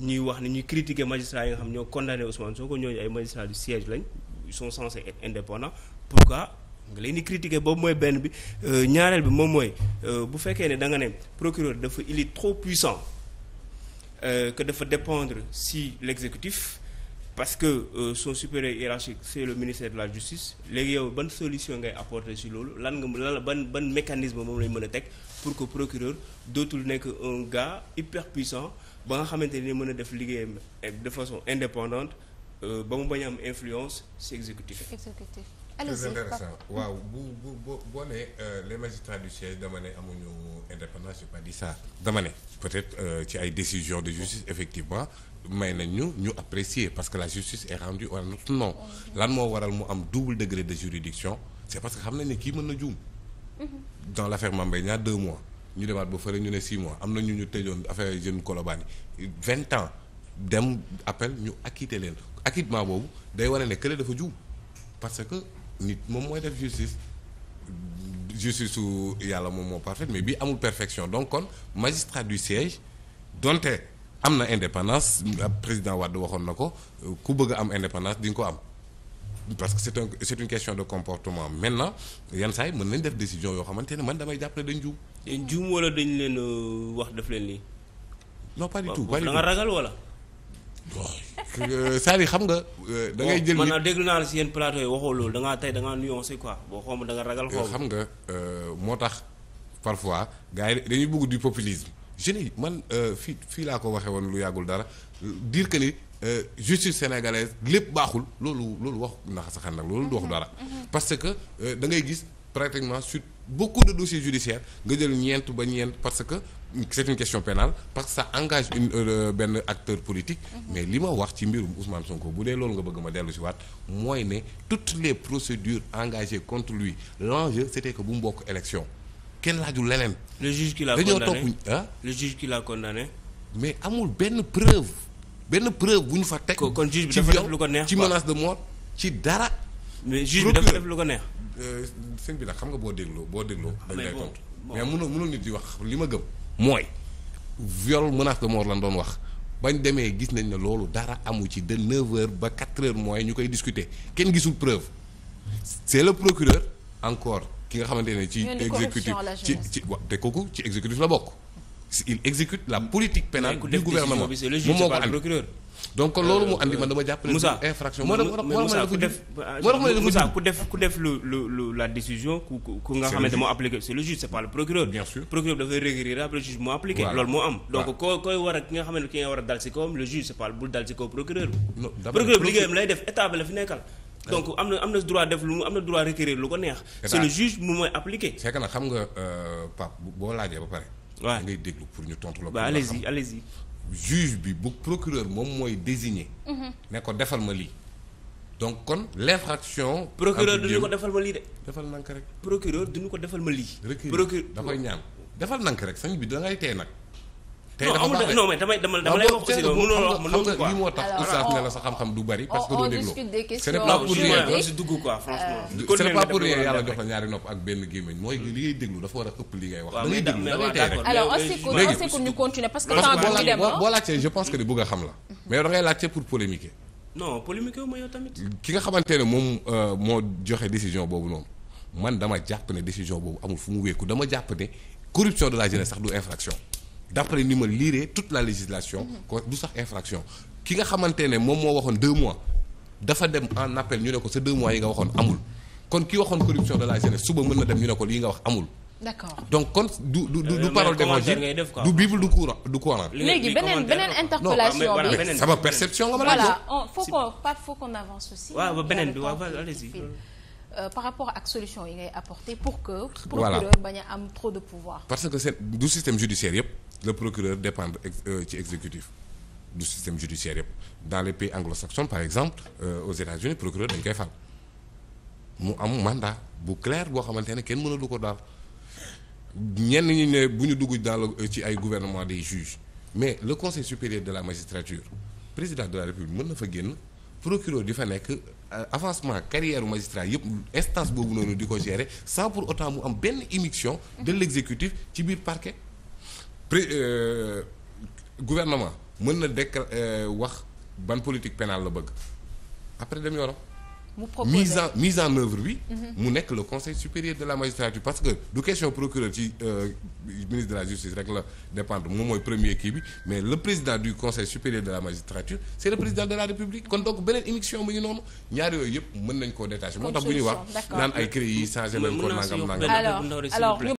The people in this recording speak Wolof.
ñuy wax ne ñuy critiquer magistrats yi nga xam ñoo condamné Ousmane Sonko ñooñu ay magistrats du siège lañ ils sont censés être indépendants pourquoi nga leen di critiquer boobu mooy benn bi euh, ñaareel bi moom mooy euh, bu fekkee ne da nga ne procureur dafa il est trop puissant euh, que dafa dépendre si l'exécutif parce que euh, son supérieur hiérarchique c'est ministère de la justice léegi yow ban solution ngay apporter si loolu lan nga lan ban ban mécanisme moom lañ mën a teg pour que procureur dootul nekk un gars hyper puissant ba nga xamante ni mën a def liggéeyam de façon indépendante euh, ba mu bañ am influence si exécutif. exécutif waaw bu bu boo nee euh, les magistrats du siège dama ne amuñu indépendance j'ai pas dit ça dama ne peut-être euh, ci ay décisions de justice effectivement may nañ ñu ñu apprécier parce que la justice est rendue en notre nom lan moo waral mu am double degré de juridiction c'est parce que xam nañ ne kii mën na juum mhm. dans l'affaire Mame Mbaye Niang deux mois ñu demaat ba fële ñu ne 6 mois am na ñu ñu tëjoon affaire jeune Colobane vingt 20 dem appel ñu acquitté leen acquittement boobu day wane ne kële dafa juum parce que nit moom mooy def justice justice su yàlla moom moo parfaite mais bii amul perfection donc kon magistrat du siège donte am na indépendance président Wade waxoon na ko ku bëgg a am indépendance di nga ko am. parce que c'est un c'est une question de comportement maintenant yan saa yi mën nañ def décision yoo xamante ne man damay jàpp dañ juum. dañ juum wala dañ leen euh, wax def leen lii. non pas du tout da ragal wala. Euh, c'est-à-dire xam nga. Euh, da ngay jël man déglu naa la si yenn plateau yi waxoo loolu da tey da ngaa nuancé quoi boo xaw da nga ragal. xaw xam nga moo tax parfois gars yi dañuy bëgg du populisme. jeunes yi man fii fii laa ko waxee woon lu yàggul dara dire que ni justice sénégalaise lépp baaxul loolu loolu wax naxa saxan nag loolu du wax mhm. dara. Mhm. parce que da gis pratiquement sur. beaucoup de dossiers judiciaires nga jël ñeent ba ñeent parce que c'est une question pénale parce que ça engage euh, benn acteur politique mhm. mais li ma wax ci mbirum Ousmane Sonko bu dee loolu nga bëgg ma dellu si waat mooy ne toutes les procédures engagées contre lui l'enjeu c'était ko bu mbokk bokk élection kenn laajul leneen le juge qui l'a condamné dañoo topp ah le juge qui mais amul benn preuve benn preuve bu ñu fa teg kon juge bi dafa def lu ko neex ci menace de mort ci dara mais juge bi dafa def lu ko Euh, sëñ bi nag xam nga boo dégloo boo dégloo. Ah, dañ lay tontu mais mënul mënul nit di wax li ma gëm. mooy viol menace de mort lan doon wax bañ demee gis nañ ne loolu dara amu ci de 9h ba 4h mooy ñu koy discuter kenn gisul preuve c'est le procureur encore ki nga xamante ne ci. exécutif ci ci wa te kooku ci exécutif la bokk. il exécute la politique pénale du gouvernement moom moo ko andi man dama jàpp ne. Moussa infraction moo tax Moussa ku euh, ku def ku def lu la décision ku ku nga xamante moo appliqué c'est le juge c'est pas le procureur. bien sûr dafay requérir après le juge moo appliqué. loolu moo am donc koo koy war a ki nga xam ne ki nga war a dal si kawam le juge c'est pas bul dal si kaw procureur bi. non procureur lay def état bi la fi nekkal. donc am na am na droit def lu am na droit requérir ko neex. xam nga euh, Pape boo laajee ba waaw da ngay déglu pour ñu tontu la. waaw allez-y juge bi bu procureur moom mooy désigné. Mhm. ne ko defal ma lii. donc kon l'infraction. procureur duñu ko defal ma lii de. defal nank rek. procureur duñu ko defal ma lii. procureur da koy ñaan defal nank rek sañ bi da ngay nag. tey dafa baax non mais damay dama lay wax aussi loolu mënuloo moo tax oustaz ne la sa xam-xam du bari parce que doo déglu ce n'est yàlla jox la ñaari nopp ak benn gémmiñ mooy li ngay déglu dafa war a ëpp li ngay wax da ngay déglu da ngay rek parce que temps bi dem boo laajtee je pense que ni bëgg a xam la mais da ngay laajte pour polémiquer tamit. ki nga xamante ne moom euh, moo joxe décision boobu noonu man dama jàpp ne décision boobu amul fu mu wéeku dama jàpp ne corruption de la jeunesse sax du infraction d'après ni ma liiree toute la législation. ko du sax infraction. ki nga xamante ne moom moo waxoon deux mois dafa dem en appel ñu ne ko sa deux mois yi nga waxoon amul kon ki waxoon corruption de la jeunesse suba mën na dem ñu ne ko lii nga wax amul. d'accord donc kon du du du euh, parole d'évangile du bible du courant du courant. léegi beneen beneen interpellation ah, bi sama perception nga ma laaj. voilà y euh, par rapport ak solution yi ngay apporter pour que. procureur bañ a am parce que c'est du système judiciaire le procureur dépendre euh, ci exécutif du système judiciaire yëpp dans les pays anglo-saxons par exemple euh, aux États-Unis procureur dañ koy fal mu am mandat bu clair boo xamante ne kenn mënalu ko daal ñenn ñi ne bu ñu dugg daal ci ay gouvernement des juges mais le conseil supérieur de la magistrature président de la république mën na fa génn procureur di fa nekk euh, avancement carrière magistrat yëpp instance boobu noonu di ko gérer sans pour autant mu am benn immixtion de l'exécutif ci biir parquet pré euh, gouvernement mën na décra euh, wax ban politique pénale la bëgg après dem yoonam. mise en mise bi. Mhm. mu nekk le conseil supérieur de la magistrature parce que du question procureur ci euh, ministre de la justice rek la dépendre moom mooy premier kii bi mais le président du conseil supérieur de la magistrature c' est le président de la république kon donc beneen émission bu ñu noonu ñaar yooyu yëpp mën nañ koo détaché moo tax bu ñuy wax naan ay créé yi